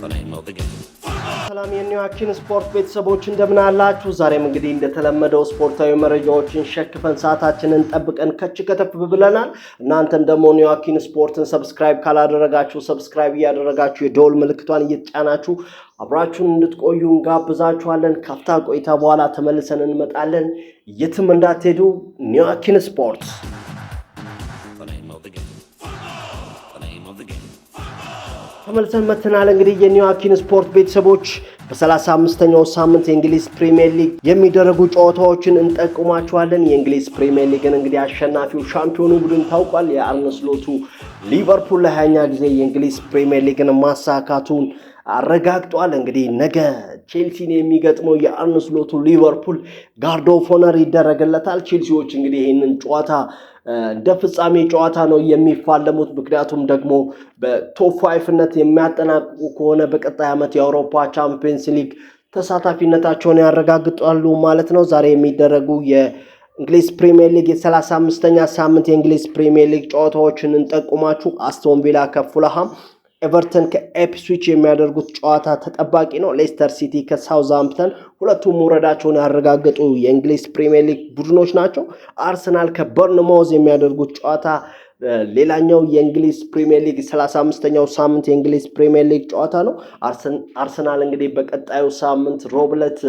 ሰላም የኒዋኪን ስፖርት ቤተሰቦች እንደምን አላችሁ? ዛሬም እንግዲህ እንደተለመደው ስፖርታዊ መረጃዎችን ሸክፈን ሰዓታችንን ጠብቀን ከች ከተፍ ብለናል። እናንተም ደግሞ ኒዋኪን ስፖርትን ሰብስክራይብ ካላደረጋችሁ ሰብስክራይብ እያደረጋችሁ የደወል ምልክቷን እየተጫናችሁ አብራችሁን እንድትቆዩ እንጋብዛችኋለን። ካፍታ ቆይታ በኋላ ተመልሰን እንመጣለን። የትም እንዳትሄዱ። ኒዋኪን ስፖርት ተመልሰን መተናል። እንግዲህ የኒዋኪን ስፖርት ቤተሰቦች በ35ኛው ሳምንት የእንግሊዝ ፕሪምየር ሊግ የሚደረጉ ጨዋታዎችን እንጠቁማቸዋለን። የእንግሊዝ ፕሪሚየር ሊግን እንግዲህ አሸናፊው ሻምፒዮኑ ቡድን ታውቋል። የአርነ ስሎቱ ሊቨርፑል ለሀያኛ ጊዜ የእንግሊዝ ፕሪሚየር ሊግን ማሳካቱን አረጋግጧል። እንግዲህ ነገ ቼልሲን የሚገጥመው የአርነ ስሎቱ ሊቨርፑል ጋርድ ኦፍ ኦነር ይደረግለታል። ቼልሲዎች እንግዲህ ይህንን ጨዋታ እንደ ፍጻሜ ጨዋታ ነው የሚፋለሙት። ምክንያቱም ደግሞ በቶፕ ፋይፍነት የሚያጠናቅቁ ከሆነ በቀጣይ ዓመት የአውሮፓ ቻምፒየንስ ሊግ ተሳታፊነታቸውን ያረጋግጣሉ ማለት ነው። ዛሬ የሚደረጉ የእንግሊዝ ፕሪሚየር ሊግ የ35ኛ ሳምንት የእንግሊዝ ፕሪሚየር ሊግ ጨዋታዎችን እንጠቁማችሁ። አስቶን ቪላ ከፉላሃም ኤቨርተን ከኤፕስዊች የሚያደርጉት ጨዋታ ተጠባቂ ነው። ሌስተር ሲቲ ከሳውዝሃምፕተን ሁለቱም ውረዳቸውን ያረጋገጡ የእንግሊዝ ፕሪምየር ሊግ ቡድኖች ናቸው። አርሰናል ከበርንማውዝ የሚያደርጉት ጨዋታ ሌላኛው የእንግሊዝ ፕሪሚየር ሊግ 35ኛው ሳምንት የእንግሊዝ ፕሪሚየር ሊግ ጨዋታ ነው። አርሰናል እንግዲህ በቀጣዩ ሳምንት ሮብለት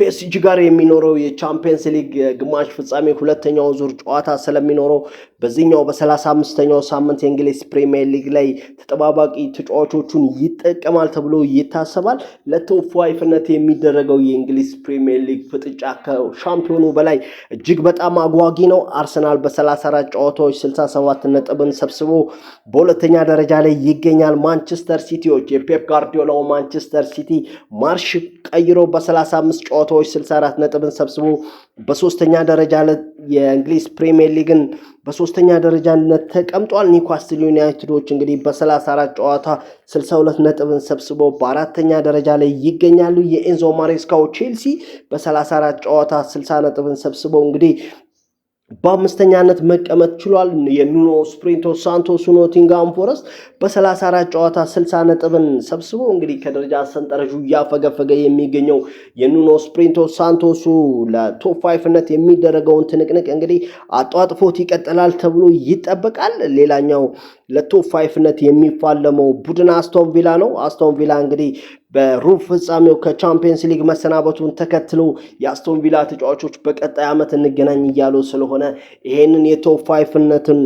ፒኤስጂ ጋር የሚኖረው የቻምፒየንስ ሊግ ግማሽ ፍጻሜ ሁለተኛው ዙር ጨዋታ ስለሚኖረው በዚህኛው በሰላሳ አምስተኛው ሳምንት የእንግሊዝ ፕሪሚየር ሊግ ላይ ተጠባባቂ ተጫዋቾቹን ይጠቀማል ተብሎ ይታሰባል። ለቶፕ ፋይፍነት የሚደረገው የእንግሊዝ ፕሪሚየር ሊግ ፍጥጫ ከሻምፒዮኑ በላይ እጅግ በጣም አጓጊ ነው። አርሰናል በሰላሳ አራት ጨዋታዎች 67 ነጥብን ሰብስቦ በሁለተኛ ደረጃ ላይ ይገኛል። ማንቸስተር ሲቲዎች የፔፕ ጋርዲዮላው ማንቸስተር ሲቲ ማርሽ ቀይሮ በ35 ጨዋታ ጨዋታዎች 64 ነጥብን ሰብስቦ በሶስተኛ ደረጃ የእንግሊዝ ፕሪሚየር ሊግን በሶስተኛ ደረጃነት ተቀምጧል። ኒውካስትል ዩናይትዶች እንግዲህ በ34 ጨዋታ 62 ነጥብን ሰብስቦ በአራተኛ ደረጃ ላይ ይገኛሉ። የኤንዞ ማሬስካው ቼልሲ በ34 ጨዋታ 60 ነጥብን ሰብስቦ እንግዲህ በአምስተኛነት መቀመጥ ችሏል። የኑኖ ስፕሪንቶ ሳንቶሱ ኖቲንግሃም ፎረስት በ34 ጨዋታ 60 ነጥብን ሰብስቦ እንግዲህ ከደረጃ ሰንጠረዡ እያፈገፈገ የሚገኘው የኑኖ ስፕሪንቶ ሳንቶሱ ለቶፕ ፋይፍነት የሚደረገውን ትንቅንቅ እንግዲህ አጧጥፎት ይቀጥላል ተብሎ ይጠበቃል። ሌላኛው ለቶፕ ፋይፍነት የሚፋለመው ቡድን አስቶን ቪላ ነው። አስቶን ቪላ እንግዲህ በሩብ ፍጻሜው ከቻምፒየንስ ሊግ መሰናበቱን ተከትሎ የአስቶን ቪላ ተጫዋቾች በቀጣይ ዓመት እንገናኝ እያሉ ስለሆነ ይሄንን የቶፕ ፋይፍነትን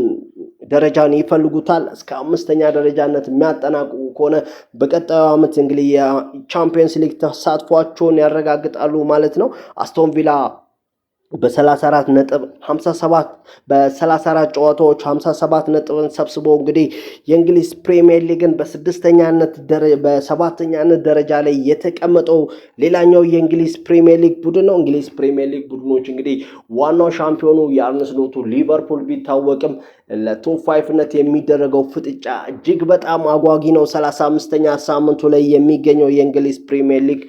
ደረጃን ይፈልጉታል። እስከ አምስተኛ ደረጃነት የሚያጠናቅቁ ከሆነ በቀጣዩ ዓመት እንግዲህ የቻምፒየንስ ሊግ ተሳትፏቸውን ያረጋግጣሉ ማለት ነው። አስቶን ቪላ በ34 ነጥብ 57 በ34 ጨዋታዎች 57 ነጥብን ሰብስቦ እንግዲህ የእንግሊዝ ፕሪሚየር ሊግን በስድስተኛነት በሰባተኛነት ደረጃ ላይ የተቀመጠው ሌላኛው የእንግሊዝ ፕሪሚየር ሊግ ቡድን ነው። እንግሊዝ ፕሪሚየር ሊግ ቡድኖች እንግዲህ ዋናው ሻምፒዮኑ የአርነ ስሎቱ ሊቨርፑል ቢታወቅም ለቶፕ የሚደረገው ፍጥጫ እጅግ በጣም አጓጊ ነው። 35ኛ ሳምንቱ ላይ የሚገኘው የእንግሊዝ ፕሪሚየር ሊግ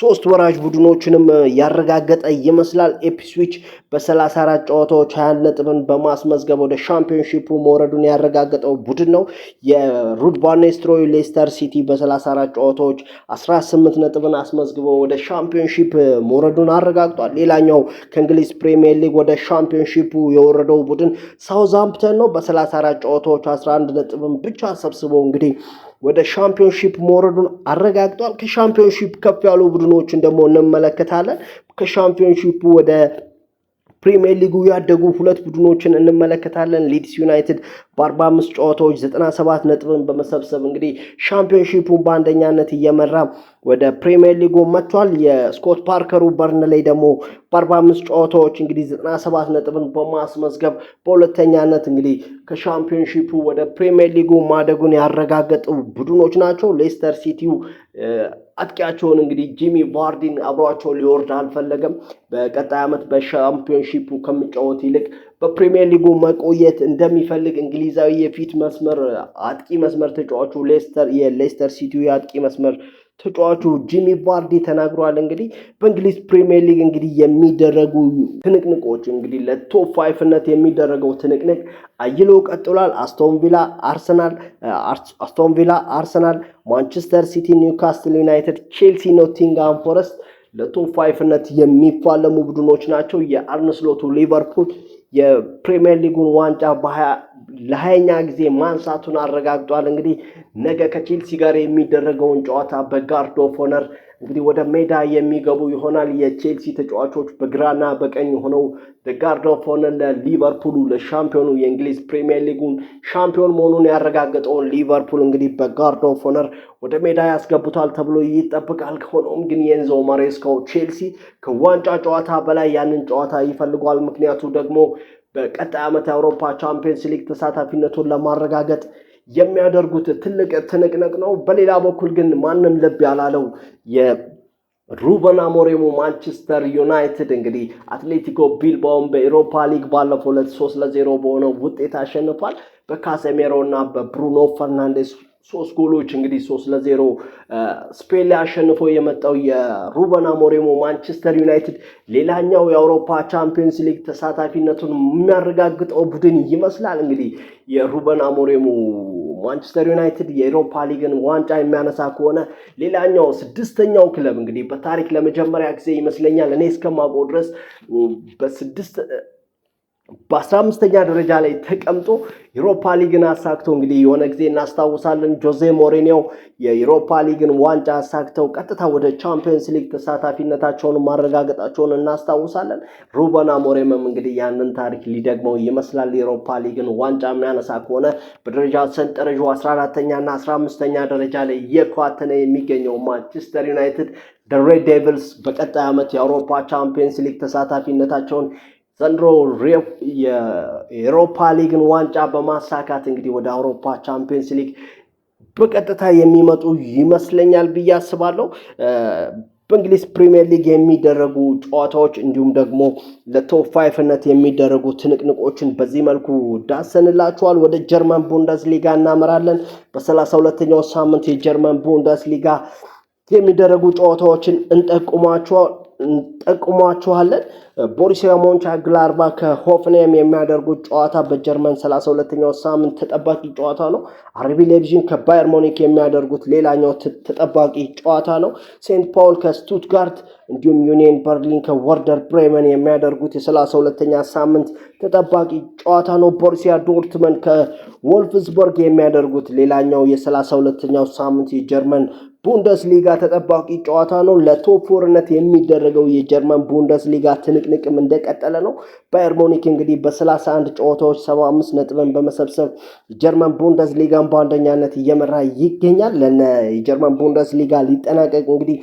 ሶስት ወራጅ ቡድኖችንም ያረጋገጠ ይመስላል ኤፕስዊች ኢፕስዊች በ34 ጨዋታዎች 20 ነጥብን በማስመዝገብ ወደ ሻምፒዮንሺፑ መውረዱን ያረጋገጠው ቡድን ነው። የሩድ ባኔስትሮይ ሌስተር ሲቲ በ34 ጨዋታዎች 18 ነጥብን አስመዝግበው ወደ ሻምፒዮንሺፕ መውረዱን አረጋግጧል። ሌላኛው ከእንግሊዝ ፕሪሚየር ሊግ ወደ ሻምፒዮንሺፑ የወረደው ቡድን ሳውዝሃምፕተን ነው። በ34 ጨዋታዎች 11 ነጥብን ብቻ ሰብስበው እንግዲህ ወደ ሻምፒዮንሺፕ መውረዱን አረጋግጧል። ከሻምፒዮንሺፕ ከፍ ያሉ ቡድኖችን ደግሞ እንመለከታለን። ከሻምፒዮንሺፑ ወደ ፕሪሚየር ሊጉ ያደጉ ሁለት ቡድኖችን እንመለከታለን። ሊድስ ዩናይትድ በ45 ጨዋታዎች 97 ነጥብን በመሰብሰብ እንግዲህ ሻምፒዮንሺፑን በአንደኛነት እየመራ ወደ ፕሪሚየር ሊጉ መጥቷል። የስኮት ፓርከሩ በርንሌይ ደግሞ በ45 ጨዋታዎች እንግዲህ 97 ነጥብን በማስመዝገብ በሁለተኛነት እንግዲህ ከሻምፒዮንሺፑ ወደ ፕሪሚየር ሊጉ ማደጉን ያረጋገጡ ቡድኖች ናቸው። ሌስተር ሲቲው አጥቂያቸውን እንግዲህ ጂሚ ቫርዲን አብሯቸው ሊወርድ አልፈለገም። በቀጣይ ዓመት በሻምፒዮንሺፑ ከሚጫወት ይልቅ በፕሪሚየር ሊጉ መቆየት እንደሚፈልግ እንግሊዛዊ የፊት መስመር አጥቂ መስመር ተጫዋቹ ሌስተር የሌስተር ሲቲው የአጥቂ መስመር ተጫዋቹ ጂሚ ቫርዲ ተናግሯል። እንግዲህ በእንግሊዝ ፕሪሚየር ሊግ እንግዲህ የሚደረጉ ትንቅንቆች እንግዲህ ለቶፕ ፋይፍነት የሚደረገው ትንቅንቅ አይሎ ቀጥሏል። አስቶንቪላ፣ አርሰናል፣ አስቶንቪላ፣ አርሰናል፣ ማንቸስተር ሲቲ፣ ኒውካስትል ዩናይትድ፣ ቼልሲ፣ ኖቲንግሃም ፎረስት ለቶፕ ፋይፍነት የሚፋለሙ ቡድኖች ናቸው። የአርንስሎቱ ሊቨርፑል የፕሪሚየር ሊጉን ዋንጫ ለሀያኛ ጊዜ ማንሳቱን አረጋግጧል። እንግዲህ ነገ ከቼልሲ ጋር የሚደረገውን ጨዋታ በጋርድ ኦፍ እንግዲህ ወደ ሜዳ የሚገቡ ይሆናል። የቼልሲ ተጫዋቾች በግራና በቀኝ ሆነው ደጋርድ ለሊቨርፑሉ ለሻምፒዮኑ የእንግሊዝ ፕሪሚየር ሊጉን ሻምፒዮን መሆኑን ያረጋገጠውን ሊቨርፑል እንግዲህ በጋርድ ሆነር ወደ ሜዳ ያስገቡታል ተብሎ ይጠበቃል። ከሆነውም ግን የኤንዞ ማሬስካው ቼልሲ ከዋንጫ ጨዋታ በላይ ያንን ጨዋታ ይፈልጓል። ምክንያቱ ደግሞ በቀጣይ ዓመት የአውሮፓ ቻምፒየንስ ሊግ ተሳታፊነቱን ለማረጋገጥ የሚያደርጉት ትልቅ ትንቅንቅ ነው። በሌላ በኩል ግን ማንም ልብ ያላለው ሩበን አሞሪሙ ማንቸስተር ዩናይትድ እንግዲህ አትሌቲኮ ቢልባውን በኤሮፓ ሊግ ባለፈው ሁለት ሶስት ለዜሮ በሆነው ውጤት አሸንፏል። በካሴሜሮ እና በብሩኖ ፈርናንዴስ ሶስት ጎሎች እንግዲህ ሶስት ለዜሮ ስፔን ላይ አሸንፎ የመጣው የሩበን አሞሪሞ ማንቸስተር ዩናይትድ ሌላኛው የአውሮፓ ቻምፒየንስ ሊግ ተሳታፊነቱን የሚያረጋግጠው ቡድን ይመስላል። እንግዲህ የሩበን አሞሪሞ ማንቸስተር ዩናይትድ የአውሮፓ ሊግን ዋንጫ የሚያነሳ ከሆነ ሌላኛው ስድስተኛው ክለብ እንግዲህ በታሪክ ለመጀመሪያ ጊዜ ይመስለኛል እኔ እስከማውቀው ድረስ በስድስት በ15ኛ ደረጃ ላይ ተቀምጦ ዩሮፓ ሊግን አሳክቶ እንግዲህ የሆነ ጊዜ እናስታውሳለን ጆዜ ሞሪኒዮ የዩሮፓ ሊግን ዋንጫ አሳክተው ቀጥታ ወደ ቻምፒየንስ ሊግ ተሳታፊነታቸውን ማረጋገጣቸውን እናስታውሳለን። ሩበን አሞሪምም እንግዲህ ያንን ታሪክ ሊደግመው ይመስላል። የዩሮፓ ሊግን ዋንጫ የሚያነሳ ከሆነ በደረጃ ሰንጠረዡ 14 እና 15ኛ ደረጃ ላይ የኳተነ የሚገኘው ማንቸስተር ዩናይትድ ደ ሬድ ዴቪልስ በቀጣይ ዓመት የአውሮፓ ቻምፒየንስ ሊግ ተሳታፊነታቸውን ዘንድሮ የኤሮፓ ሊግን ዋንጫ በማሳካት እንግዲህ ወደ አውሮፓ ቻምፒየንስ ሊግ በቀጥታ የሚመጡ ይመስለኛል ብዬ አስባለሁ። በእንግሊዝ ፕሪሚየር ሊግ የሚደረጉ ጨዋታዎች እንዲሁም ደግሞ ለቶፕ ፋይፍነት የሚደረጉ ትንቅንቆችን በዚህ መልኩ ዳሰንላችኋል። ወደ ጀርመን ቡንደስ ሊጋ እናመራለን። በሰላሳ ሁለተኛው ሳምንት የጀርመን ቡንደስ ሊጋ የሚደረጉ ጨዋታዎችን እንጠቁማችኋል። እንጠቁሟችኋለን። ቦሩሲያ ግላርባ ከሆፍንያም የሚያደርጉት ጨዋታ በጀርመን 32ኛው ሳምንት ተጠባቂ ጨዋታ ነው። አርቢ ሌቪዥን ከባየር ሞኒክ የሚያደርጉት ሌላኛው ተጠባቂ ጨዋታ ነው። ሴንት ፓውል ከስቱትጋርት እንዲሁም ዩኒየን በርሊን ከወርደር ብሬመን የሚያደርጉት የ32ኛ ሳምንት ተጠባቂ ጨዋታ ነው። ቦሪሲያ ዶርትመን ከቮልፍስበርግ የሚያደርጉት ሌላኛው የ32ኛው ሳምንት የጀርመን ቡንደስሊጋ ተጠባቂ ጨዋታ ነው። ለቶፕ ፎርነት የሚደረገው የጀርመን ቡንደስሊጋ ትንቅንቅም እንደቀጠለ ነው። ባየር ሙኒክ እንግዲህ በ31 ጨዋታዎች 75 ነጥብን በመሰብሰብ ጀርመን ቡንደስሊጋን በአንደኛነት እየመራ ይገኛል። ለነ የጀርመን ቡንደስሊጋ ሊጠናቀቅ እንግዲህ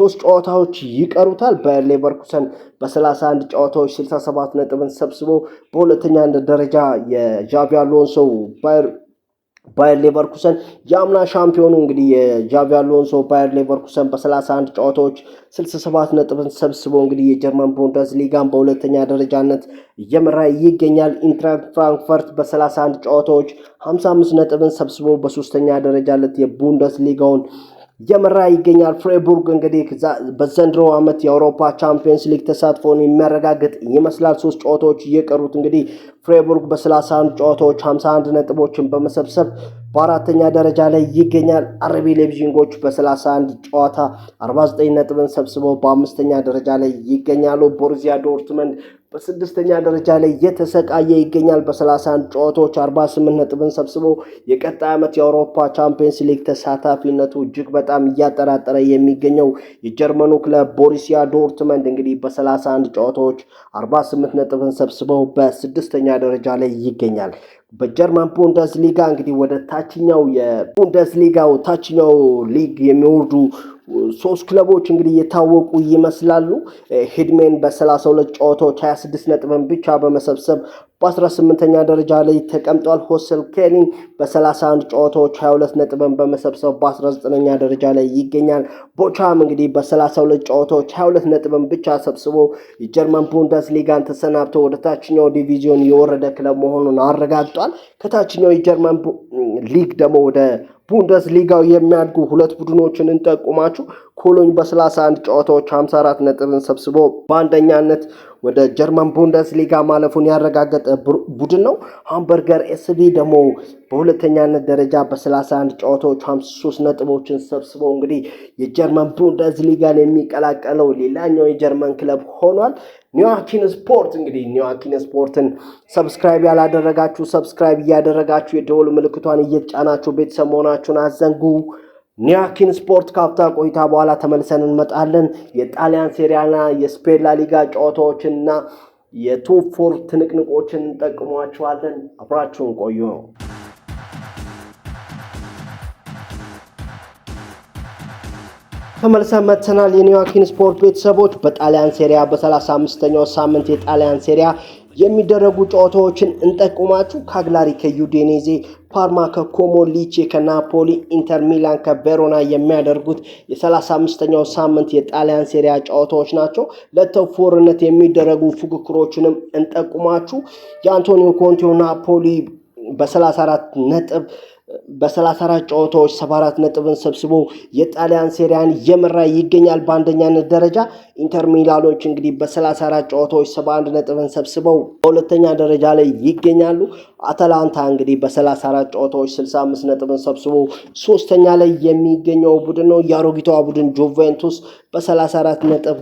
ሶስት ጨዋታዎች ይቀሩታል። ባየር ሌቨርኩሰን በ31 ጨዋታዎች 67 ነጥብን ሰብስቦ በሁለተኛ ደረጃ የዣቪ አሎንሶ ባየር ሌቨርኩሰን የአምና ሻምፒዮኑ እንግዲህ የጃቪ አሎንሶ ባየር ሌቨርኩሰን በ31 ጨዋታዎች 67 ነጥብን ሰብስቦ እንግዲህ የጀርመን ቡንደስ ሊጋን በሁለተኛ ደረጃነት እየመራ ይገኛል። ኢንትራክት ፍራንክፈርት በ31 ጨዋታዎች 55 ነጥብን ሰብስቦ በሶስተኛ ደረጃነት የቡንደስ ሊጋውን እየመራ ይገኛል። ፍሬቡርግ እንግዲህ በዘንድሮ ዓመት የአውሮፓ ቻምፒየንስ ሊግ ተሳትፎን የሚያረጋግጥ ይመስላል። ሶስት ጨዋታዎች እየቀሩት እንግዲህ ፍሬቡርግ በ31 ጨዋታዎች 51 ነጥቦችን በመሰብሰብ በአራተኛ ደረጃ ላይ ይገኛል። አርቢ ሌብዥንጎቹ በ31 ጨዋታ 49 ነጥብን ሰብስበው በአምስተኛ ደረጃ ላይ ይገኛሉ። ቦሩሲያ ዶርትመንድ በስድስተኛ ደረጃ ላይ የተሰቃየ ይገኛል። በ31 ጨዋታዎች 48 ነጥብን ሰብስበው የቀጣይ ዓመት የአውሮፓ ቻምፒየንስ ሊግ ተሳታፊነቱ እጅግ በጣም እያጠራጠረ የሚገኘው የጀርመኑ ክለብ ቦሩሲያ ዶርትመንድ እንግዲህ በ31 ጨዋታዎች 48 ነጥብን ሰብስበው በስድስተኛ ደረጃ ላይ ይገኛል። ቡንደስ ቡንደስሊጋ እንግዲህ ወደ ታችኛው የቡንደስሊጋው ታችኛው ሊግ የሚወርዱ ሶስት ክለቦች እንግዲህ የታወቁ ይመስላሉ። ሂድሜን በ32 ጨዋታዎች 26 ነጥብን ብቻ በመሰብሰብ በ18ኛ ደረጃ ላይ ተቀምጧል። ሆስል ኬሊን በ31 ጨዋታዎች 22 ነጥብን በመሰብሰብ በ19ኛ ደረጃ ላይ ይገኛል። ቦቻም እንግዲህ በ32 ጨዋታዎች 22 ነጥብን ብቻ ሰብስቦ የጀርመን ቡንደስ ሊጋን ተሰናብቶ ወደ ታችኛው ዲቪዚዮን የወረደ ክለብ መሆኑን አረጋግጧል። ከታችኛው የጀርመን ሊግ ደግሞ ወደ ቡንደስ ሊጋው የሚያድጉ ሁለት ቡድኖችን እንጠቁማችሁ። ኮሎኝ በ31 ጨዋታዎች 54 ነጥብን ሰብስቦ በአንደኛነት ወደ ጀርመን ቡንደስ ሊጋ ማለፉን ያረጋገጠ ቡድን ነው። ሃምበርገር ኤስቪ ደግሞ በሁለተኛነት ደረጃ በ31 ጨዋታዎች 53 ነጥቦችን ሰብስቦ እንግዲህ የጀርመን ቡንደስ ሊጋን የሚቀላቀለው ሌላኛው የጀርመን ክለብ ሆኗል። ኒዋኪን ስፖርት እንግዲህ ኒዋኪን ስፖርትን ሰብስክራይብ ያላደረጋችሁ ሰብስክራይብ እያደረጋችሁ የደወል ምልክቷን እየተጫናችሁ ቤተሰብ መሆናችሁን አዘንጉ። ኒያኪን ስፖርት ካፍታ ቆይታ በኋላ ተመልሰን እንመጣለን። የጣሊያን ሴሪያና የስፔን ላሊጋ ጨዋታዎችንና የቶፎር ትንቅንቆችን እንጠቅሟችኋለን። አብራችሁን ቆዩ ነው። ተመልሰን መጥተናል። የኒዋኪን ስፖርት ቤተሰቦች በጣሊያን ሴሪያ በ35ኛው ሳምንት የጣሊያን ሴሪያ የሚደረጉ ጨዋታዎችን እንጠቁማችሁ። ካግላሪ ከዩዴኔዜ፣ ፓርማ ከኮሞ፣ ሊቼ ከናፖሊ፣ ኢንተር ሚላን ከቬሮና የሚያደርጉት የ35ኛው ሳምንት የጣሊያን ሴሪያ ጨዋታዎች ናቸው። ለተፎርነት የሚደረጉ ፉክክሮችንም እንጠቁማችሁ። የአንቶኒዮ ኮንቴው ናፖሊ በ34 ነጥብ በ34 ጨዋታዎች 74 ነጥብን ሰብስቦ የጣሊያን ሴሪያን እየመራ ይገኛል። በአንደኛነት ደረጃ ኢንተር ሚላኖች እንግዲህ በ34 ጨዋታዎች 71 ነጥብን ሰብስበው በሁለተኛ ደረጃ ላይ ይገኛሉ። አታላንታ እንግዲህ በ34 ጨዋታዎች 65 ነጥብን ሰብስቦ ሶስተኛ ላይ የሚገኘው ቡድን ነው። የአሮጊቷ ቡድን ጁቬንቱስ በ34 ነጥብ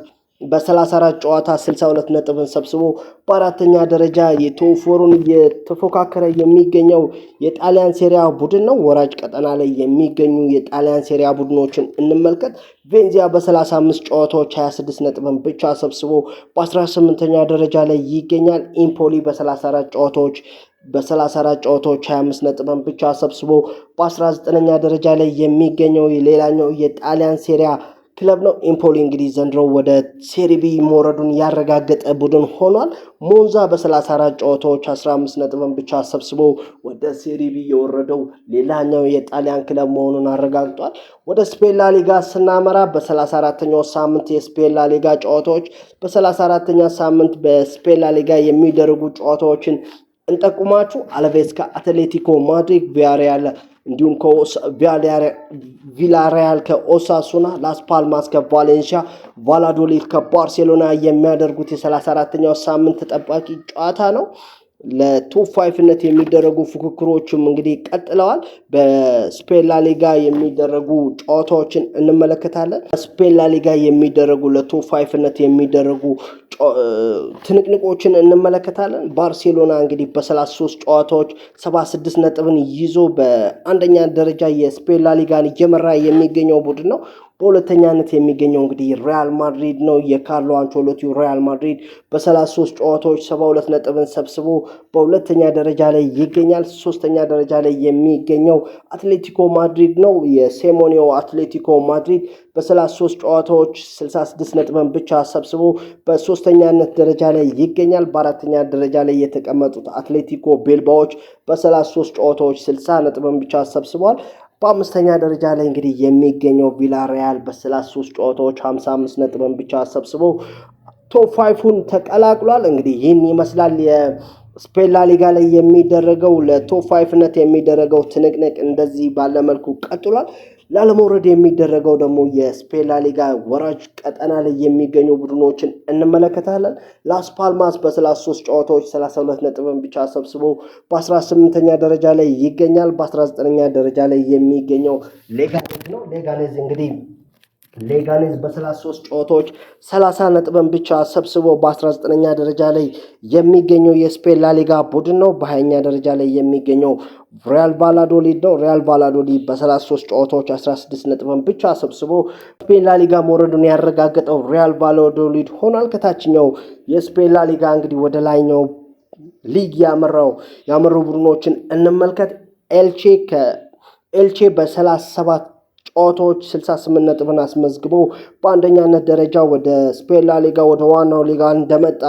በ34 ጨዋታ 62 ነጥብን ሰብስቦ በአራተኛ ደረጃ የቶፎሩን የተፎካከረ የሚገኘው የጣሊያን ሴሪያ ቡድን ነው። ወራጅ ቀጠና ላይ የሚገኙ የጣሊያን ሴሪያ ቡድኖችን እንመልከት። ቬንዚያ በ35 ጨዋታዎች 26 ነጥብን ብቻ ሰብስቦ በ18ኛ ደረጃ ላይ ይገኛል። ኢምፖሊ በ34 ጨዋታዎች በ34 ጨዋታዎች 25 ነጥብን ብቻ ሰብስቦ በ19ኛ ደረጃ ላይ የሚገኘው ሌላኛው የጣሊያን ሴሪያ ክለብ ነው። ኤምፖሊ እንግዲህ ዘንድሮ ወደ ሴሪቢ መውረዱን ያረጋገጠ ቡድን ሆኗል። ሞንዛ በ34 ጨዋታዎች 15 ነጥብን ብቻ ሰብስቦ ወደ ሴሪቢ የወረደው ሌላኛው የጣሊያን ክለብ መሆኑን አረጋግጧል። ወደ ስፔን ላሊጋ ስናመራ በ 34 ተኛው ሳምንት የስፔን ላሊጋ ጨዋታዎች በ 34 ተኛ ሳምንት በስፔን ላሊጋ የሚደረጉ ጨዋታዎችን እንጠቁማችሁ አለቬስ ከአትሌቲኮ ማድሪድ ቪያሪያል እንዲሁም ቪላሪያል ከኦሳሱና፣ ላስፓልማስ ከቫሌንሺያ፣ ቫላዶሊድ ከባርሴሎና የሚያደርጉት የ34ኛው ሳምንት ተጠባቂ ጨዋታ ነው። ለቶፕ ፋይፍነት የሚደረጉ ፉክክሮችም እንግዲህ ቀጥለዋል። በስፔን ላሊጋ የሚደረጉ ጨዋታዎችን እንመለከታለን። ስፔን ላሊጋ የሚደረጉ ለቶፕ ፋይፍነት የሚደረጉ ትንቅንቆችን እንመለከታለን። ባርሴሎና እንግዲህ በ33 ጨዋታዎች 76 ነጥብን ይዞ በአንደኛ ደረጃ የስፔን ላሊጋን እየመራ የሚገኘው ቡድን ነው። በሁለተኛነት የሚገኘው እንግዲህ ሪያል ማድሪድ ነው። የካርሎ አንቾሎቲው ሪያል ማድሪድ በ33 ጨዋታዎች 72 ነጥብን ሰብስቦ በሁለተኛ ደረጃ ላይ ይገኛል። ሶስተኛ ደረጃ ላይ የሚገኘው አትሌቲኮ ማድሪድ ነው። የሴሞኒዮ አትሌቲኮ ማድሪድ በ33 ጨዋታዎች 66 ነጥብን ብቻ ሰብስቦ በሶስተኛነት ደረጃ ላይ ይገኛል። በአራተኛ ደረጃ ላይ የተቀመጡት አትሌቲኮ ቤልባዎች በ33 ጨዋታዎች 60 ነጥብን ብቻ ሰብስቧል። በአምስተኛ ደረጃ ላይ እንግዲህ የሚገኘው ቪላሪያል በ33 ጨዋታዎች 55 አምስት ነጥብን ብቻ አሰብስበው ቶፕ ፋይፉን ተቀላቅሏል። እንግዲህ ይህን ይመስላል የስፔን ላሊጋ ላይ የሚደረገው ለቶፕ ፋይፍነት የሚደረገው ትንቅንቅ እንደዚህ ባለመልኩ ቀጥሏል። ላለመውረድ የሚደረገው ደግሞ የስፔን ላሊጋ ወራጅ ቀጠና ላይ የሚገኙ ቡድኖችን እንመለከታለን። ላስ ፓልማስ በ33 ጨዋታዎች 32 ነጥብን ብቻ ሰብስቦ በ18ኛ ደረጃ ላይ ይገኛል። በ19ኛ ደረጃ ላይ የሚገኘው ሌጋሌዝ ነው። ሌጋሌዝ እንግዲህ ሌጋሊዝ በ33 ጨዋታዎች 30 ነጥብን ብቻ ሰብስቦ በ19ኛ ደረጃ ላይ የሚገኘው የስፔን ላሊጋ ቡድን ነው። በ20ኛ ደረጃ ላይ የሚገኘው ሪያል ቫላዶሊድ ነው። ሪያል ቫላዶሊድ በ33 ጨዋታዎች 16 ነጥብን ብቻ ሰብስቦ ስፔን ላሊጋ መውረዱን ያረጋገጠው ሪያል ቫላዶሊድ ሆኗል። ከታችኛው የስፔን ላሊጋ እንግዲህ ወደ ላይኛው ሊግ ያመራው ያመሩ ቡድኖችን እንመልከት። ኤልቼ ከኤልቼ በ37 ጨዋታዎች 68 ነጥብን አስመዝግቦ በአንደኛነት ደረጃ ወደ ስፔን ላሊጋ ወደ ዋናው ሊጋ እንደመጣ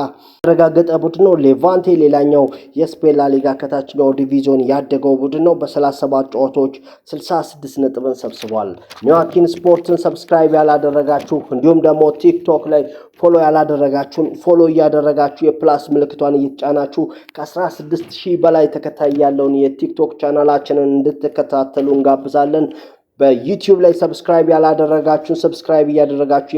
ያረጋገጠ ቡድን ነው። ሌቫንቴ ሌላኛው የስፔን ላሊጋ ከታችኛው ዲቪዚዮን ያደገው ቡድን ነው። በ37 ጨዋታዎች 66 ነጥብን ሰብስቧል። ኒዋኪን ስፖርትን ሰብስክራይብ ያላደረጋችሁ እንዲሁም ደግሞ ቲክቶክ ላይ ፎሎ ያላደረጋችሁን ፎሎ እያደረጋችሁ የፕላስ ምልክቷን እየተጫናችሁ ከ16 ሺህ በላይ ተከታይ ያለውን የቲክቶክ ቻናላችንን እንድትከታተሉ እንጋብዛለን። በዩቲዩብ ላይ ሰብስክራይብ ያላደረጋችሁ ሰብስክራይብ እያደረጋችሁ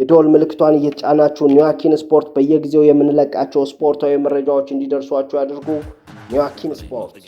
የደወል ምልክቷን እየተጫናችሁ ኒዋኪን ስፖርት በየጊዜው የምንለቃቸው ስፖርታዊ መረጃዎች እንዲደርሷችሁ ያድርጉ። ኒዋኪን ስፖርት